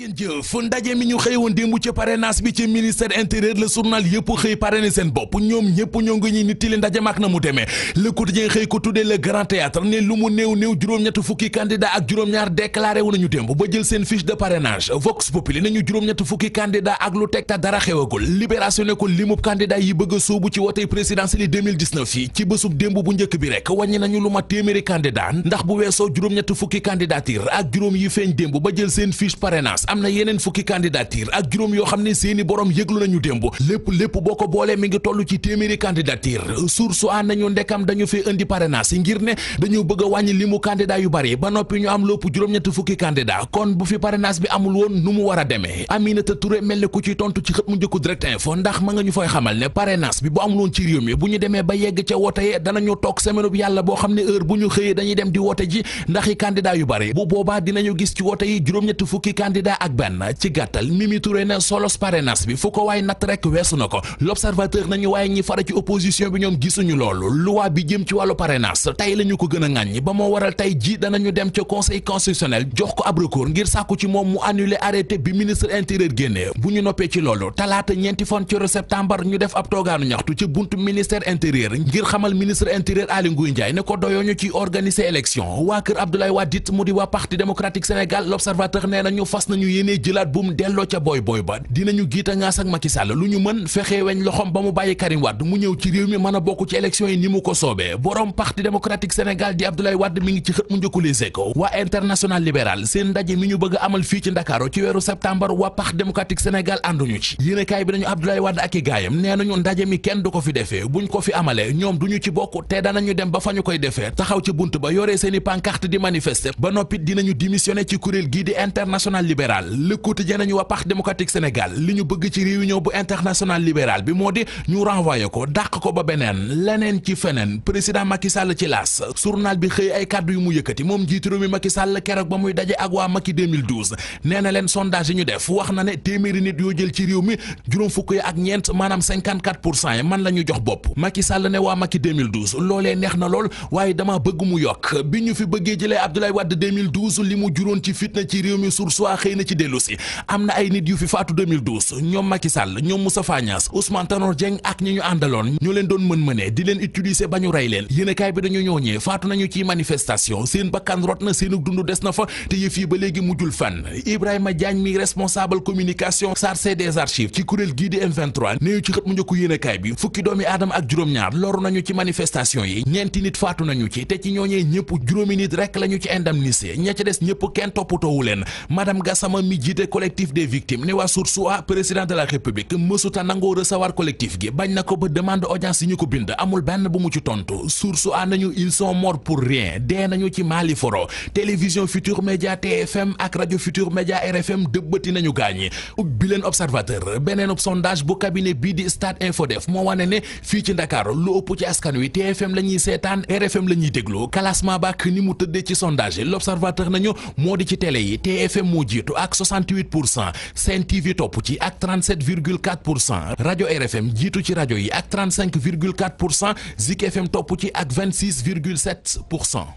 ngeen jëf ndaje mi ñu xëy woon démb ci parrainage bi ci ministère intérieur le journal yëpp xëy parrainé seen bopp ñoom ñëpp ñoo ngi ñuy nittali ndaje mag na mu demee le quotidien xëy ko tuddee juróom-ñett fukki candidat ak juróom-ñaar déclaré wu nañu démb ba jël seen fiche de parrainage vox populi nañu juróom-ñett fukki candidat ak lu teg ta dara xewagul libération ne ko limub candidat yi bëgg a sóobu ci wotey présidentielle 2019 yi ci bésub démb bu njëkk ndax bu weesoo juróom-ñett fukki candidature ak juróom yi seen fiche parrainage am na yeneen fukki candidature ak juróom yoo xam ne seeni borom yëglu nañu démb lépp lépp boo ko boolee mi ngi toll ci téeméeri candidature source a nañu ndekam dañu fi indi yi ngir ne dañu bëgg a wàññi limu candidat yu bari ba noppi ñu am lépp juróom-ñetti fukki candidat kon bu fi parrainage bi amul woon nu mu war a demee Aminata Touré mel ni ku ci tontu ci xët mu njëkku direct info ndax ma nga ñu fay xamal ne parrainage bi bu amul woon ci réew mi bu ba yegg ca wote ye danañu toog yàlla boo xam ne heure bu ñu xëyee dañuy dem di wote ji ndax i candidat yu bari boobaa dinañu gis ci wote yi juróom ak benn ci gàttal Mimi Touré ne solos parrainage bi fu ko waaye natt rek weesu na ko l'observateur nañu waaye ñi fara ci opposition bi ñoom gisuñu loolu loi bi jëm ci wàllu parrainage tey la ñu ko gën a ba moo waral tey ji danañu dem ca conseil constitutionnel jox ko ab recours ngir sàkku ci moom mu annule arrêté bi ministre intérieur génnee bu ñu noppee ci loolu talaata ñeenti fan ci septembre ñu def ab toogaanu ñaxtu ci buntu ministère intérieur ngir xamal ministre intérieur Aly ko doyooñu ci organiser élection waa ñu yéenee jëlaat bu mu delloo ca booy booy ba dinañu giit a ngaas ak Macky Sall lu ñu mën bokk ci élection yi ni mu ko soobee borom parti démocratique Sénégal di Abdoulaye ndaje mi ñu bëgg amal fii ci Ndakaaru ci weeru septembre waa parti démocratique Sénégal ànduñu ci yéenekaay bi nañu Abdoulaye Wade ak i gaayam nee nañu ndaje mi kenn du ko fi defee buñ ko fi amalee ñoom duñu ci bokk te danañu dem ba fa ñu koy defee taxaw ci bunt ba yoree seeni pancarte di manifester ba noppi dinañu démissionner ci kuréel gii di international libéral libéral le quotidien nañu waa parti démocratique sénégal li ñu bëgg ci réunion bu international libéral bi moo di ñu renvoyé ko dàq ko ba beneen leneen ci feneen président Macky ci laas journal bi xëy ay kàddu yu mu yëkkati moom jiitu mi Macky keroog ba muy daje ak waa Macky 2012 leen sondage yi ñu def wax na ne téeméeri nit yoo jël ci réew mi juróom fukk yi ak ñeent maanaam yi man la jox bopp Macky ne waa Macky loolee neex na lool waaye dina ci dellu si am na ay nit yu fi faatu 2012 ñoom Macky Sall ñoom Moustapha Niasse Ousmane Tanor Dieng ak ñi ñu àndaloon ñu leen doon mën-mënee di leen utiliser ba ñu rey leen yéenekaay bi dañu ñooñee faatu nañu ci manifestation seen bakkan rot na seenu dund des na fa te yëf yi ba léegi mujjul fenn Ibrahima Diagne mi responsable communication chargé des archives ci kuréel gii di M23 neeñu ci xët mu njëkku yéenekaay bi fukki doomi aadama ak juróom-ñaar loru nañu ci manifestation yi ñeenti nit faatu nañu ci te ci ñooñee ñëpp juróomi nit rek lañu ci indemnisé ña ca des ñëpp kenn toppatoowu leen madame Gassam Thiam mi jiite collectif de victimes ne waa Source A président de la république mësuta nangoo recevoir collectif gi bañ na ko ba demande audience yi ñu ko bind amul benn bu mu ci tontu Source A nañu ils sont morts pour rien dee nañu ci Mali foro télévision Futur Média TFM ak rajo Futur Média RFM dëbbati nañu gaañi ubbi leen observateur beneen sondage bu cabinet bii di Stade Info def moo wane ne ne fii ci Dakar lu ëpp ci askan wi TFM la ñuy seetaan RFM la ñuy déglu classement ba ak ni mu tëddee ci sondage l'observateur nañu moo di ci télé yi TFM moo jiitu ak 68 pour cent Sen TV topp ci ak 37 virgule 4 pour cent rajo RFM jiitu ci rajo yi ak 35 virgule 4 pour cent Zik FM topp ci ak 26 virgule 7 pour cent